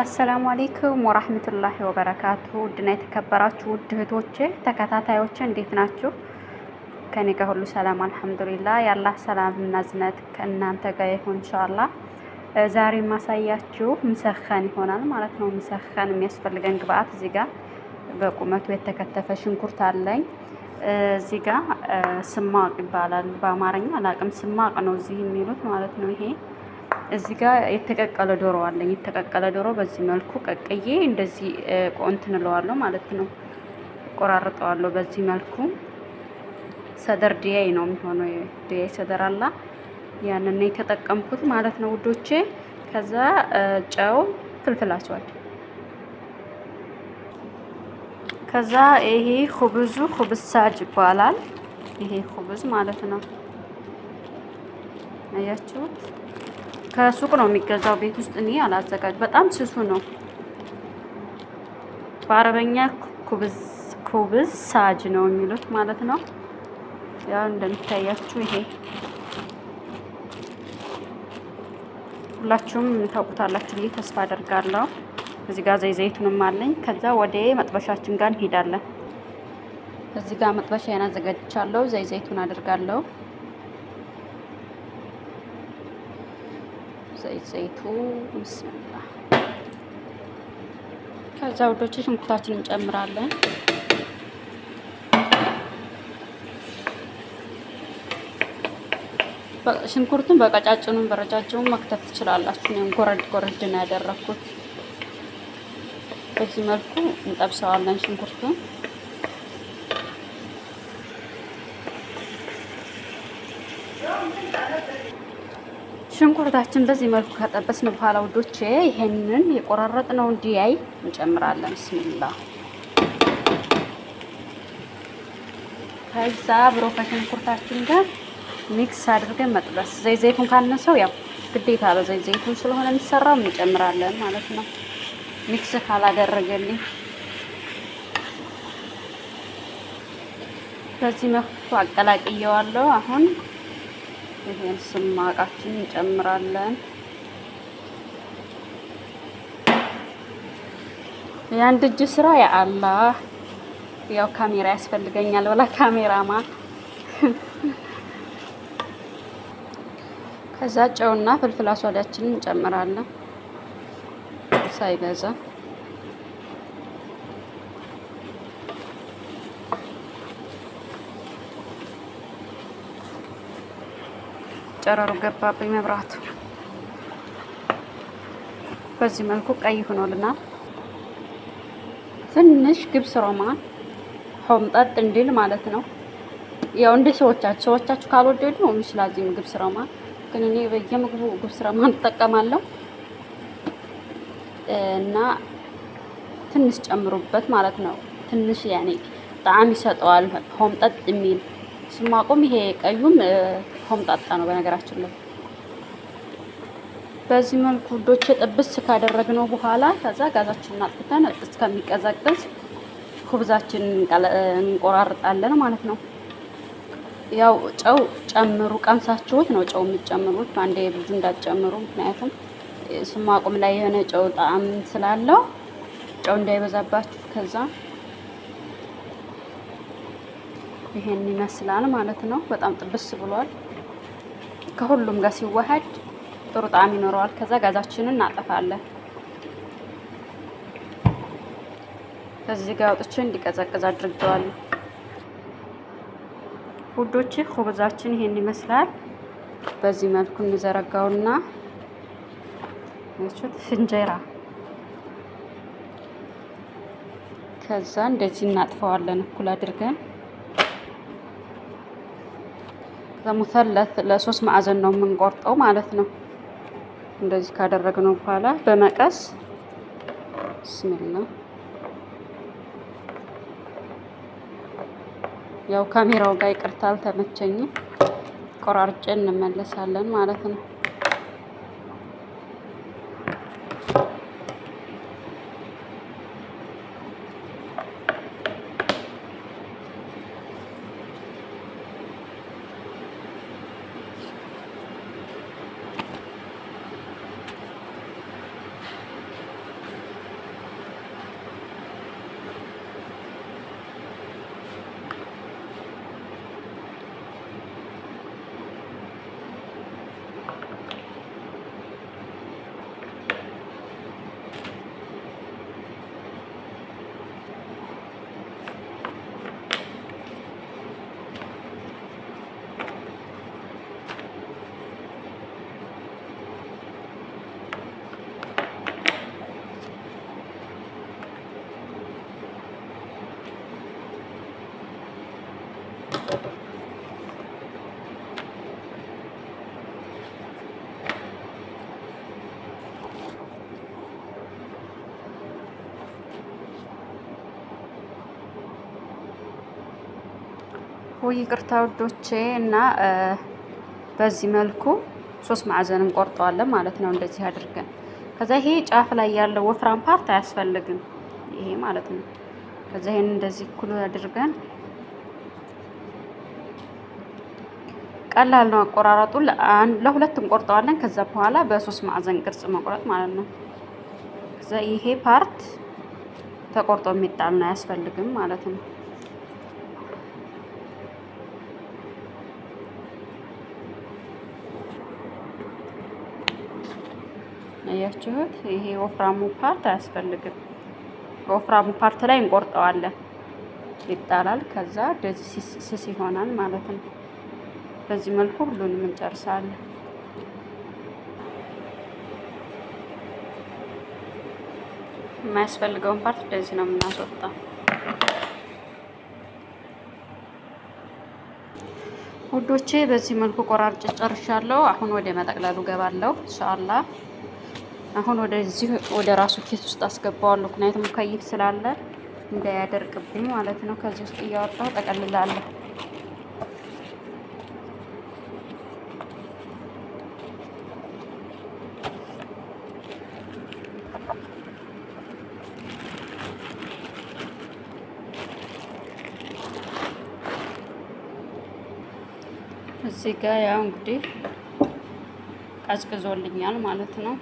አሰላሙ አሌይኩም ወራህመቱላሂ ወበረካቱ ውድና የተከበራችሁ ውድ እህቶቼ ተከታታዮቼ እንዴት ናችሁ? ከኔ ጋር ሁሉ ሰላም አልሐምዱሊላ። የአላህ ሰላምና ዝነት ከእናንተ ጋር ይሁን እንሻላ። ዛሬ ማሳያችሁ ምሰኸን ይሆናል ማለት ነው። ምሰኸን የሚያስፈልገን ግብአት እዚህ ጋር በቁመቱ የተከተፈ ሽንኩርት አለኝ። እዚህ ጋር ስማቅ ይባላል በአማርኛ አላቅም፣ ስማቅ ነው እዚህ የሚሉት ማለት ነው። ይሄ እዚህ ጋር የተቀቀለ ዶሮ አለኝ። የተቀቀለ ዶሮ በዚህ መልኩ ቀቅዬ እንደዚህ ቆንትን እለዋለሁ ማለት ነው፣ ቆራርጠዋለሁ። በዚህ መልኩ ሰደር ድያይ ነው የሚሆነው፣ ድያይ ሰደር አላ ያንን የተጠቀምኩት ማለት ነው ውዶቼ። ከዛ ጨው ፍልፍል አስዋድ፣ ከዛ ይሄ ሁብዙ ሁብዝ ሳጅ ይባላል። ይሄ ሁብዝ ማለት ነው አያችሁት ከሱቅ ነው የሚገዛው። ቤት ውስጥ እኔ አላዘጋጅ። በጣም ስሱ ነው። በአረበኛ ኩብዝ ሳጅ ነው የሚሉት ማለት ነው። ያው እንደሚታያችሁ ይሄ ሁላችሁም ታውቁታላችሁ ብዬ ተስፋ አደርጋለሁ። እዚህ ጋር ዘይ ዘይቱንም አለኝ። ከዛ ወደ መጥበሻችን ጋር እንሄዳለን። እዚህ ጋር መጥበሻ ያን አዘጋጅቻለሁ። ዘይ ዘይቱን አድርጋለሁ። ዘይት ዘይቱ ምስላ ከዛ ውዶች ሽንኩርታችን እንጨምራለን። ሽንኩርቱን በቀጫጭኑን በረጃቸውን መክተት ትችላላችሁ። እኔም ጎረድ ጎረድ ነው ያደረኩት። በዚህ መልኩ እንጠብሰዋለን ሽንኩርቱን ሽንኩርታችን በዚህ መልኩ ከጠበስን በኋላ ውዶቼ ይሄንን የቆራረጥነው እንዲያይ እንጨምራለን። ብስሚላ ከዛ አብሮ ከሽንኩርታችን ጋር ሚክስ አድርገን መጥበስ። ዘይት ዘይቱን ካነሰው ያው ግዴታ በዘይት ዘይቱን ስለሆነ የሚሰራው እንጨምራለን ማለት ነው። ሚክስ ካላደረገልኝ በዚህ መልኩ አቀላቅየዋለሁ አሁን ይሄን ስማቃችን እንጨምራለን። የአንድ እጅ ስራ ያአላ ያው ካሜራ ያስፈልገኛል ብላ ካሜራማ ከዛ ጨውና ፍልፍል አስዋዳችንን እንጨምራለን ሳይበዛ ጨረሩ ገባብኝ መብራቱ። በዚህ መልኩ ቀይ ሆኖልናል። ትንሽ ግብስ ሮማ ሆምጠጥ እንዲል ማለት ነው። ያው እንደ ሰዎቻችሁ ሰዎቻችሁ ካልወደዱ ነው ይችላል። ግብስ ሮማ ግን እኔ በየምግቡ ግብስ ሮማን እጠቀማለሁ እና ትንሽ ጨምሩበት ማለት ነው። ትንሽ ያኔ ጣዕም ይሰጠዋል ሆምጠጥ የሚል ስማቁም ይሄ ቀዩም ኮምጣጣ ነው በነገራችን ላይ። በዚህ መልኩ ውዶቼ ጥብስ ካደረግነው በኋላ ከዛ ጋዛችንን አጥፍተን እስከሚቀዘቅዝ ኩብዛችንን እንቆራርጣለን ማለት ነው። ያው ጨው ጨምሩ፣ ቀምሳችሁት ነው ጨው የምትጨምሩት። አንዴ ብዙ እንዳትጨምሩ፣ ምክንያቱም ስማቁም ላይ የሆነ ጨው ጣዕም ስላለው ጨው እንዳይበዛባችሁ። ከዛ ይሄን ይመስላል ማለት ነው። በጣም ጥብስ ብሏል። ከሁሉም ጋር ሲዋሃድ ጥሩ ጣዕም ይኖረዋል። ከዛ ጋዛችንን እናጠፋለን። እዚህ ጋር አውጥቼ እንዲቀዘቅዝ አድርገዋል። ውዶች ኹብዛችን ይሄን ይመስላል። በዚህ መልኩ እንዘረጋውና እንጀራ ከዛ እንደዚህ እናጥፈዋለን እኩል አድርገን ሙሰለት ለሶስት ማዕዘን ነው የምንቆርጠው ማለት ነው። እንደዚህ ካደረግነው በኋላ በመቀስ ብስሚላ ያው ካሜራው ጋር ይቅርታ አልተመቸኝም። ቆራርጬ እንመለሳለን ማለት ነው። ይቅርታ ውዶቼ እና በዚህ መልኩ ሶስት ማዕዘን እንቆርጠዋለን ማለት ነው። እንደዚህ አድርገን ከዛ ይሄ ጫፍ ላይ ያለው ወፍራም ፓርት አያስፈልግም ይሄ ማለት ነው። ከዛ ይሄን እንደዚህ እኩል አድርገን ቀላል ነው አቆራረጡ። ለሁለት እንቆርጠዋለን። ከዛ በኋላ በሶስት ማዕዘን ቅርጽ መቁረጥ ማለት ነው። ከዛ ይሄ ፓርት ተቆርጦ የሚጣል ነው አያስፈልግም ማለት ነው። አያችሁት? ይሄ ወፍራሙ ፓርት አያስፈልግም። ወፍራሙ ፓርት ላይ እንቆርጠዋለን፣ ይጣላል። ከዛ እንደዚህ ስስ ይሆናል ማለት ነው። በዚህ መልኩ ሁሉንም እንጨርሳለን። የማያስፈልገውን ፓርት እንደዚህ ነው የምናስወጣው። ውዶቼ በዚህ መልኩ ቆራርጬ ጨርሻለሁ። አሁን ወደ መጠቅለሉ ገባለሁ ኢንሻአላህ። አሁን ወደዚህ ወደ ራሱ ኬስ ውስጥ አስገባዋለሁ። ምክንያቱም ከይፍ ስላለ እንዳያደርቅብኝ ማለት ነው። ከዚህ ውስጥ እያወጣሁ ጠቀልላለሁ። እዚህ ጋ ያው እንግዲህ ቀዝቅዞልኛል ማለት ነው።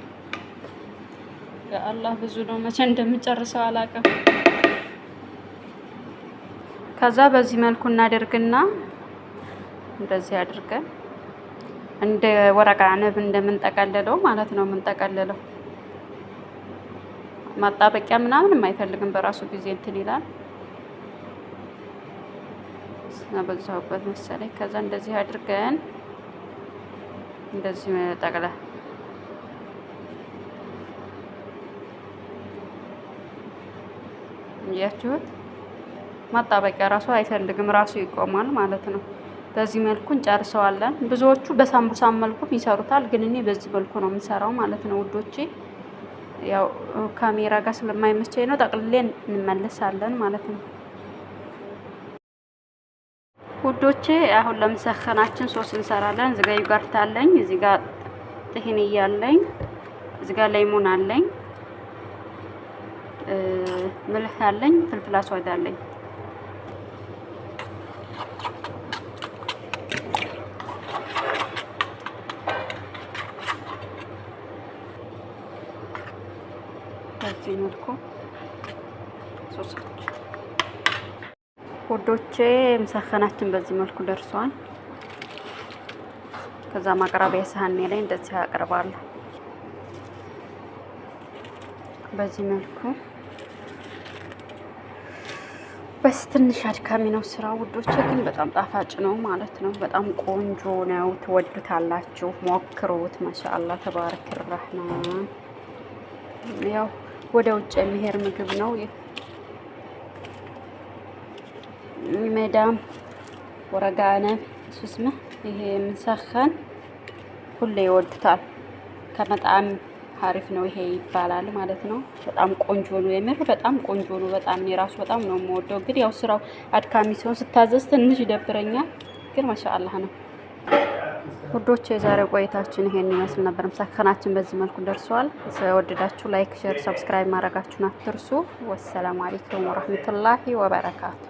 አላህ ብዙ ነው። መቼ እንደምጨርሰው አላውቅም። ከዛ በዚህ መልኩ እናደርግና እንደዚህ አድርገን እንደ ወረቃ ንብ እንደምንጠቀልለው ማለት ነው። የምንጠቀልለው ማጣበቂያ ምናምንም አይፈልግም። በራሱ ጊዜ እንትን ይላል። በዛሁበት መሰለኝ። ከዛ እንደዚህ አድርገን እንደዚህ ጠቅላል እያችሁት ማጣበቂያ ራሱ አይፈልግም፣ ራሱ ይቆማል ማለት ነው። በዚህ መልኩ እንጨርሰዋለን። ብዙዎቹ በሳምቡሳም መልኩም ይሰሩታል፣ ግን እኔ በዚህ መልኩ ነው የምሰራው ማለት ነው ውዶቼ። ያው ካሜራ ጋር ስለማይመቸኝ ነው ጠቅልሌ እንመለሳለን ማለት ነው ውዶቼ። አሁን ለምሰከናችን ሶስት እንሰራለን። እዚጋ ዩጋርት አለኝ፣ እዚጋ ጥህን እያለኝ፣ ላይሞን አለኝ ምልህ አለኝ፣ ፍልፍል አስዋድ አለኝ። በዚህ መልኩ ውዶቼ ምሳኸናችን በዚህ መልኩ ደርሷል። ከዛ ማቅረቢያ ሳህኔ ላይ እንደዚህ ያቀርባሉ በዚህ መልኩ በስ ትንሽ አድካሚ ነው ስራ ውዶች፣ ግን በጣም ጣፋጭ ነው ማለት ነው። በጣም ቆንጆ ነው፣ ትወዱታላችሁ። ሞክሩት። ማሻአላ ተባረክ ረህማን። ያው ወደ ውጭ የሚሄድ ምግብ ነው። መዳም ወረጋነ ሱስመ ይሄ የምንሰኸን ሁሌ ይወዱታል ከመጣም አሪፍ ነው ይሄ ይባላል ማለት ነው። በጣም ቆንጆ ነው፣ የምር በጣም ቆንጆ ነው። በጣም እኔ ራሱ በጣም ነው የምወደው። ግን ያው ስራው አድካሚ ሲሆን ስታዘዝ ትንሽ ይደብረኛል፣ ግን ማሻአላህ ነው። ውዶች የዛሬው ቆይታችን ይሄን ይመስል ነበር። ምሳከናችን በዚህ መልኩ ደርሰዋል። ስለወደዳችሁ ላይክ፣ ሼር፣ ሰብስክራይብ ማድረጋችሁን አትርሱ። ወሰላሙ አለይኩም ወራህመቱላሂ ወበረካቱ